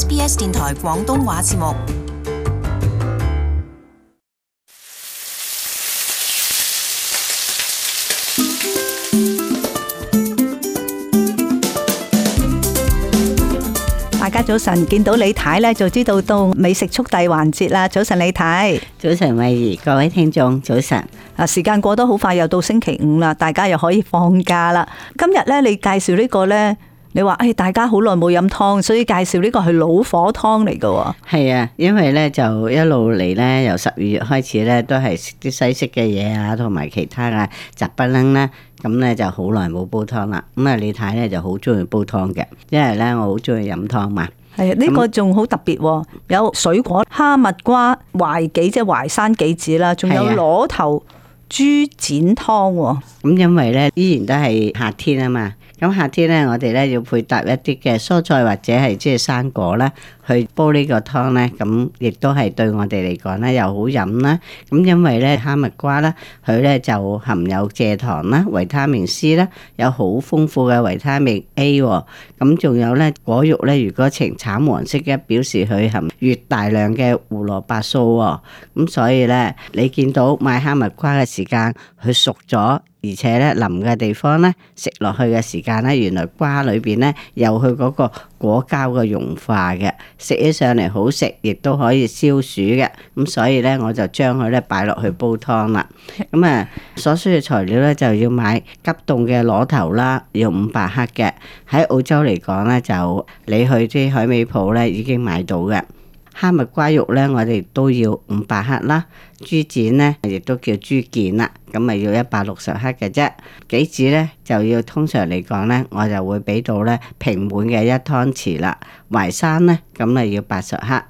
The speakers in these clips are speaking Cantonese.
SBS 電台廣東話節目。大家早晨，見到李太咧，就知道到美食速遞環節啦。早晨，李太，早晨，慧怡，各位聽眾，早晨。啊，時間過得好快，又到星期五啦，大家又可以放假啦。今日咧，你介紹呢個咧。你話誒、哎，大家好耐冇飲湯，所以介紹呢個係老火湯嚟嘅。係啊，因為咧就一路嚟咧，由十二月開始咧，都係食啲西式嘅嘢啊，同埋其他啊，雜不楞啦。咁咧就好耐冇煲湯啦。咁啊，李太咧就好中意煲湯嘅，因為咧我好中意飲湯嘛。係啊，呢、這個仲好特別，那有水果哈密瓜、淮杞即係淮山杞子啦，仲有螺頭豬展湯。咁、啊、因為咧，依然都係夏天啊嘛。咁夏天咧，我哋咧要配搭一啲嘅蔬菜或者係即係生果啦，去煲呢個湯咧，咁亦都係對我哋嚟講咧又好飲啦。咁因為咧哈密瓜啦，佢咧就含有蔗糖啦、維他命 C 啦，有好豐富嘅維他命 A 喎。咁仲有咧果肉咧，如果呈橙黃色嘅，表示佢含越大量嘅胡蘿蔔素喎。咁所以咧，你見到買哈密瓜嘅時間，佢熟咗。而且咧腍嘅地方咧，食落去嘅時間咧，原來瓜裏邊咧，有佢嗰個果膠嘅融化嘅，食起上嚟好食，亦都可以消暑嘅。咁所以咧，我就將佢咧擺落去煲湯啦。咁、嗯、啊，所需嘅材料咧就要買急凍嘅螺頭啦，要五百克嘅。喺澳洲嚟講咧，就你去啲海味鋪咧已經買到嘅。哈密瓜肉咧，我哋都要五百克啦。豬展咧，亦都叫豬腱啦，咁咪要一百六十克嘅啫。杞子咧就要通常嚟講咧，我就會俾到咧平滿嘅一湯匙啦。淮山咧，咁咪要八十克。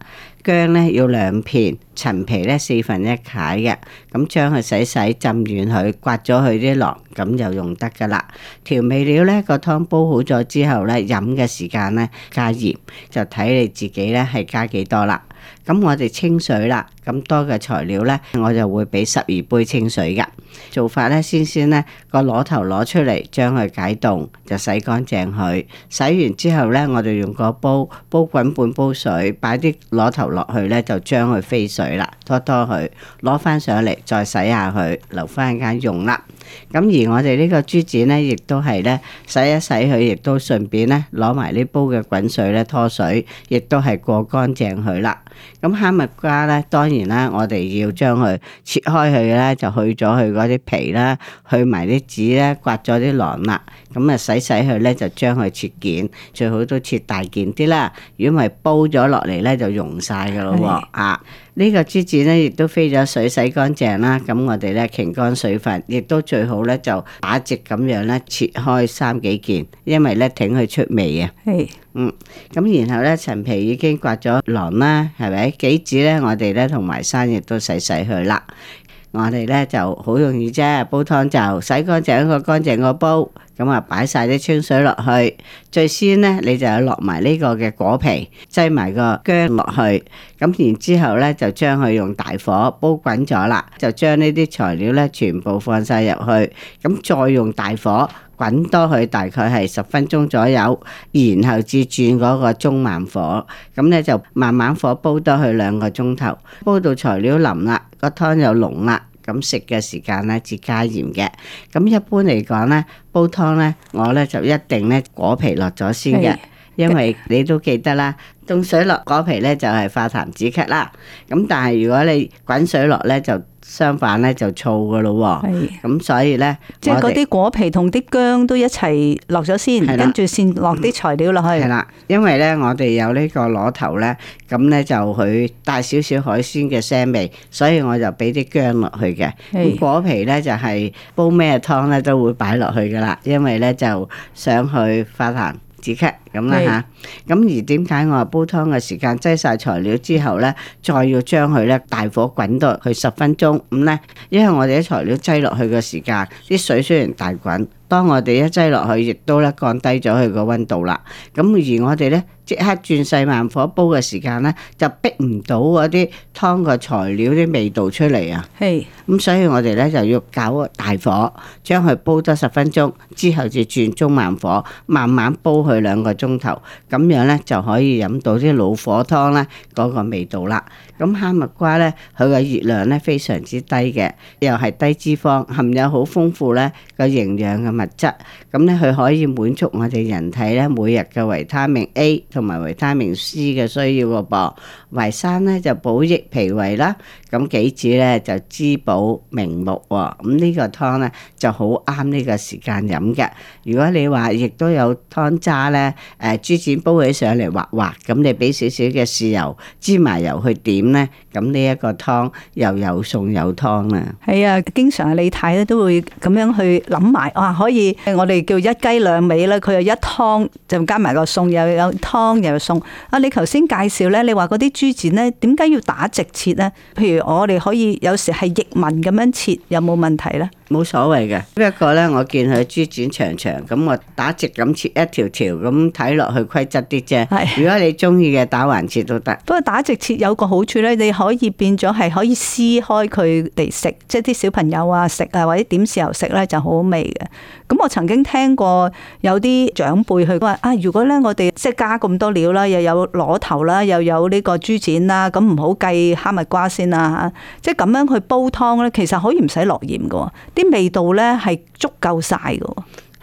薑咧要兩片，陳皮咧四分一解嘅，咁將佢洗洗浸軟佢，刮咗佢啲囊，咁就用得噶啦。調味料咧，個湯煲好咗之後咧，飲嘅時間咧加鹽，就睇你自己咧係加幾多啦。咁我哋清水啦，咁多嘅材料呢，我就會俾十二杯清水嘅。做法呢，先先呢個螺頭攞出嚟，將佢解凍，就洗乾淨佢。洗完之後呢，我就用個煲煲滾半煲水，擺啲螺頭落去呢，就將佢飛水啦，拖拖佢，攞翻上嚟再洗下佢，留翻間用啦。咁而我哋呢個豬展呢，亦都係呢，洗一洗佢，亦都順便呢，攞埋呢煲嘅滾水咧拖水，亦都係過乾淨佢啦。咁哈密瓜咧，當然啦，我哋要將佢切開佢啦，就去咗佢嗰啲皮啦，去埋啲籽啦，刮咗啲囊啦，咁啊洗洗佢咧，就將佢切件，最好都切大件啲啦，如果唔係煲咗落嚟咧，就溶晒噶咯喎，是啊！個呢個豬子咧，亦都飛咗水洗乾淨啦。咁我哋咧傾乾水分，亦都最好咧就打直咁樣咧切開三幾件，因為咧挺佢出味啊。係是，嗯。咁然後咧，陳皮已經刮咗囊啦，係咪？杞子咧，我哋咧同埋山亦都洗洗佢啦。我哋咧就好容易啫，煲湯就洗乾淨一個乾淨個煲，咁啊擺晒啲清水落去。最先咧，你就要落埋呢個嘅果皮，擠埋個薑落去，咁然之後咧就將佢用大火煲滾咗啦，就將呢啲材料咧全部放晒入去，咁再用大火。滾多佢大概係十分鐘左右，然後至轉嗰個中慢火，咁咧就慢慢火煲多佢兩個鐘頭，煲到材料腍啦，個湯又濃啦，咁食嘅時間咧至加鹽嘅。咁一般嚟講咧，煲湯咧，我咧就一定咧果皮落咗先嘅。因為你都記得啦，凍水落果皮咧就係化痰止咳啦。咁但係如果你滾水落咧，就相反咧就燥㗎咯喎。咁的所以咧，即係嗰啲果皮同啲薑都一齊落咗先，的跟住先落啲材料落去。係啦，因為咧我哋有呢個螺頭咧，咁咧就佢帶少少海鮮嘅腥味，所以我就俾啲薑落去嘅。咁的果皮咧就係煲咩湯咧都會擺落去噶啦，因為咧就想去化痰。咁啦吓，咁是而點解我話煲湯嘅時間擠晒材料之後咧，再要將佢咧大火滾到去十分鐘咁咧？因為我哋啲材料擠落去嘅時間，啲水雖然大滾，當我哋一擠落去，亦都咧降低咗佢個溫度啦。咁而我哋咧。即刻轉細慢火煲嘅時間呢就逼唔到嗰啲湯嘅材料啲味道出嚟啊。係，咁所以我哋呢，就要搞個大火，將佢煲多十分鐘，之後就轉中慢火，慢慢煲佢兩個鐘頭，咁樣呢，就可以飲到啲老火湯呢嗰個味道啦。咁哈密瓜咧，佢個熱量咧非常之低嘅，又係低脂肪，含有好豐富咧個營養嘅物質。咁咧，佢可以滿足我哋人體咧每日嘅維他命 A 同埋維他命 C 嘅需要嘅噃。淮山咧就補益脾胃啦，咁杞子咧就滋補明目。咁、這、呢個湯咧就好啱呢個時間飲嘅。如果你話亦都有湯渣咧，誒豬展煲起上嚟滑滑，咁你俾少少嘅豉油、芝麻油去點。咧，咁呢一個湯又有餸有湯啦，係啊，經常啊，李太咧都會咁樣去諗埋，哇可以，我哋叫一雞兩味啦，佢有一湯，就加埋個餸，又有湯又有餸。啊，你頭先介紹咧，你話嗰啲豬展咧點解要打直切咧？譬如我哋可以有時係逆紋咁樣切，有冇問題咧？冇所謂嘅，不過咧我見佢豬展長長，咁我打直咁切一條條咁睇落去規則啲啫。係，如果你中意嘅打橫切都得。不過打直切有個好。佢咧你可以變咗係可以撕開佢嚟食，即係啲小朋友啊食啊，或者點時候食咧就好味嘅。咁我曾經聽過有啲長輩佢話：啊，如果咧我哋即係加咁多料啦，又有螺頭啦，又有呢個豬展啦、啊，咁唔好計哈密瓜先啦、啊、嚇。即係咁樣去煲湯咧，其實可以唔使落鹽嘅，啲味道咧係足夠曬嘅。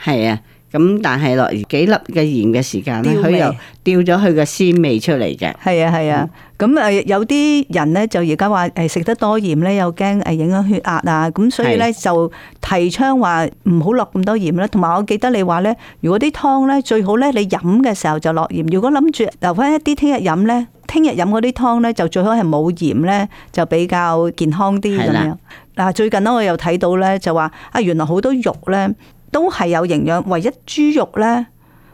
係啊。咁但係落幾粒嘅鹽嘅時間咧，佢味又掉咗佢嘅鮮味出嚟嘅。係啊係啊，咁誒，有啲人咧就而家話誒食得多鹽咧，又驚誒影響血壓啊，咁是的 所以咧就提倡話唔好落咁多鹽啦。同埋我記得你話咧，如果啲湯咧最好咧，你飲嘅時候就落鹽。如果諗住留翻一啲聽日飲咧，聽日飲嗰啲湯咧就最好係冇鹽咧，就比較健康啲咁樣。嗱是的 最近咧我又睇到咧就話啊原來好多肉咧。都係有營養，唯一豬肉咧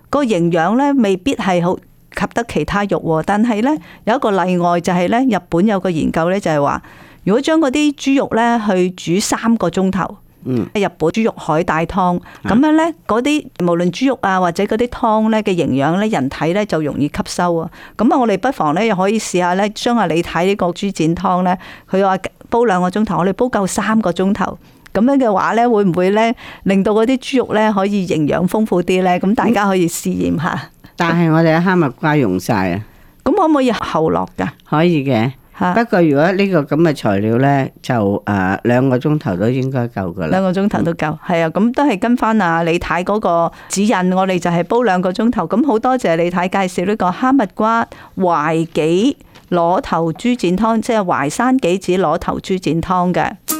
個營養咧未必係好及得其他肉喎。但係咧有一個例外就係咧，日本有個研究咧就係話，如果將嗰啲豬肉咧去煮三個鐘頭，嗯，日本豬肉海帶湯咁、嗯、樣咧，嗰啲無論豬肉啊或者嗰啲湯咧嘅營養咧，人體咧就容易吸收啊。咁啊，我哋不妨咧又可以試下咧，將阿你睇呢個豬展湯咧，佢話煲兩個鐘頭，我哋煲夠三個鐘頭。咁樣嘅話呢，會唔會呢？令到嗰啲豬肉呢可以營養豐富啲呢？咁大家可以試驗下。但係我哋嘅哈密瓜用晒啊！咁可唔可以後落噶？可以嘅，啊、不過如果呢個咁嘅材料呢，就誒、啊、兩個鐘頭都應該夠噶啦。兩個鐘頭都夠，係、嗯、啊。咁都係跟翻阿李太嗰個指引，我哋就係煲兩個鐘頭。咁好多謝李太介紹呢個哈密瓜淮杞螺頭豬展湯，即係淮山杞子螺頭豬展湯嘅。